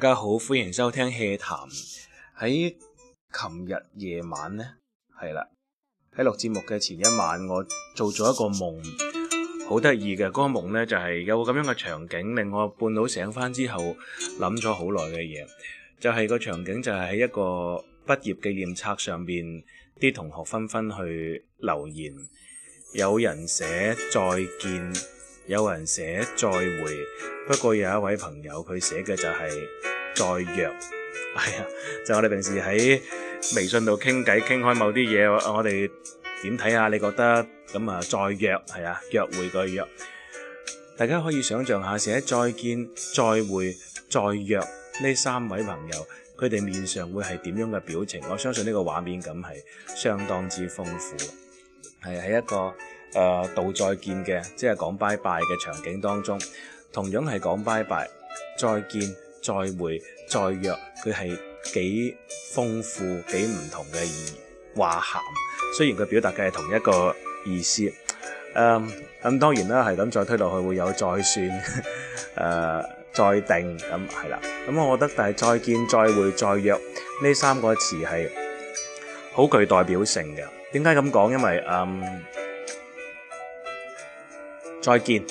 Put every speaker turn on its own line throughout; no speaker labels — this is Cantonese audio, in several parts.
大家好，歡迎收聽《戲談》。喺琴日夜晚呢，係啦，喺錄節目嘅前一晚，我做咗一個夢，好得意嘅。嗰、那個夢呢就係、是、有個咁樣嘅場景，令我半路醒翻之後諗咗好耐嘅嘢，就係、是、個場景就係喺一個畢業嘅紀念冊上邊，啲同學紛紛去留言，有人寫再見。有人寫再會，不過有一位朋友佢寫嘅就係、是、再約，係啊， 就我哋平時喺微信度傾偈傾開某啲嘢，我哋點睇下？你覺得咁啊？再約係啊，約會個約，大家可以想象下寫再見、再會、再約呢三位朋友佢哋面上會係點樣嘅表情？我相信呢個畫面感係相當之豐富，係喺一個。誒、呃，道再見嘅，即係講拜拜嘅場景當中，同樣係講拜拜、再見、再會、再約，佢係幾豐富、幾唔同嘅意涵。雖然佢表達嘅係同一個意思，誒咁，當然啦，係咁再推落去會有再算誒再定咁係啦。咁我覺得，但係再見、再會、再約呢三個詞係好具代表性嘅。點解咁講？因為誒。嗯再見，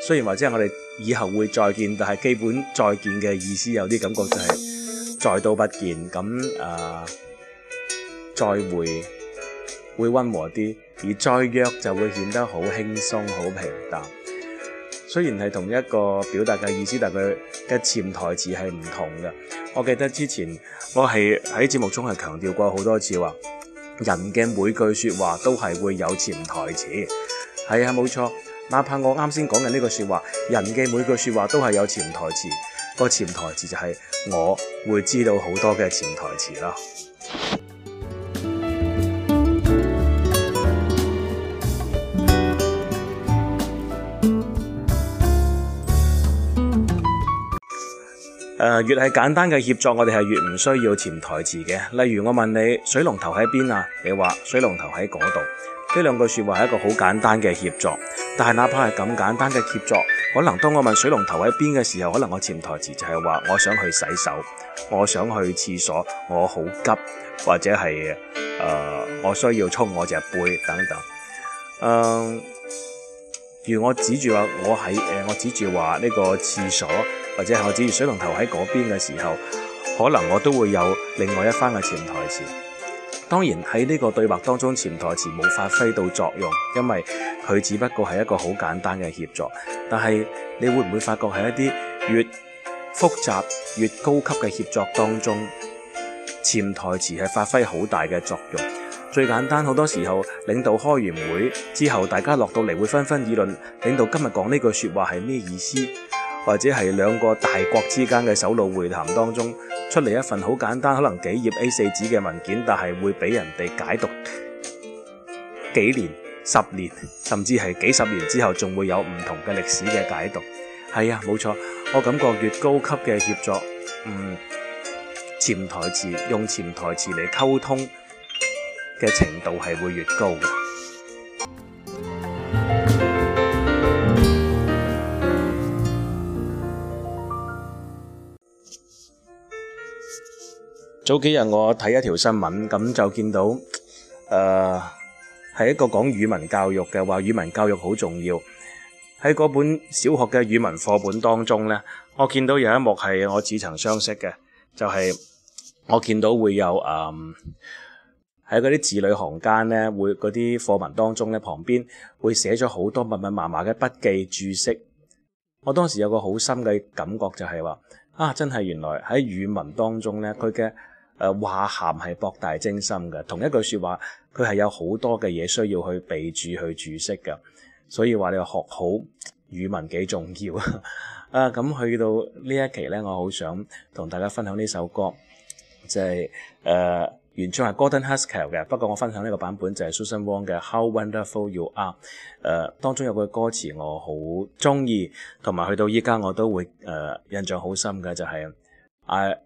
雖然話即係我哋以後會再見，但係基本再見嘅意思有啲感覺就係再都不見。咁啊、呃，再會會溫和啲，而再約就會顯得好輕鬆、好平淡。雖然係同一個表達嘅意思，但佢嘅潛台詞係唔同嘅。我記得之前我係喺節目中係強調過好多次話，人嘅每句說話都係會有潛台詞。係啊，冇錯。哪怕我啱先講嘅呢句說話，人嘅每句說話都係有潛台詞。個潛台詞就係我會知道好多嘅潛台詞啦。誒、呃，越係簡單嘅協助，我哋係越唔需要潛台詞嘅。例如我問你水龍頭喺邊啊？你話水龍頭喺嗰度，呢兩句說話係一個好簡單嘅協助。但係，哪怕係咁簡單嘅協助，可能當我問水龍頭喺邊嘅時候，可能我潛台詞就係話我想去洗手，我想去廁所，我好急，或者係誒、呃、我需要沖我隻背等等。嗯、呃，如我指住話我喺誒、呃，我指住話呢個廁所，或者係我指住水龍頭喺嗰邊嘅時候，可能我都會有另外一番嘅潛台詞。當然，喺呢個對話當中，潛台詞冇發揮到作用，因為佢只不過係一個好簡單嘅協作。但係你會唔會發覺喺一啲越複雜越高級嘅協作當中，潛台詞係發揮好大嘅作用？最簡單好多時候，領導開完會之後，大家落到嚟會紛紛議論領導今日講呢句説話係咩意思？或者係兩個大國之間嘅首腦會談當中出嚟一份好簡單，可能幾頁 A4 紙嘅文件，但係會俾人哋解讀幾年、十年，甚至係幾十年之後，仲會有唔同嘅歷史嘅解讀。係啊，冇錯，我感覺越高級嘅協作，嗯，潛台詞用潛台詞嚟溝通嘅程度係會越高嘅。早幾日我睇一條新聞，咁就見到誒係、呃、一個講語文教育嘅，話語文教育好重要。喺嗰本小學嘅語文課本當中呢，我見到有一幕係我似曾相識嘅，就係、是、我見到會有誒喺嗰啲字裏行間呢，會嗰啲課文當中呢，旁邊會寫咗好多密密麻麻嘅筆記注釋。我當時有個好深嘅感覺，就是，就係話啊，真係原來喺語文當中呢，佢嘅。誒、啊、話涵係博大精深嘅，同一句説話，佢係有好多嘅嘢需要去備注、去注釋嘅，所以話你話學好語文幾重要 啊！咁去到呢一期呢，我好想同大家分享呢首歌，就係、是、誒、呃、原唱係 Gordon Haskell 嘅，不過我分享呢個版本就係、是、Susan Wong 嘅《How Wonderful You Are》。誒，當中有句歌詞我好中意，同埋去到依家我都會誒、呃、印象好深嘅，就係、是、啊。I,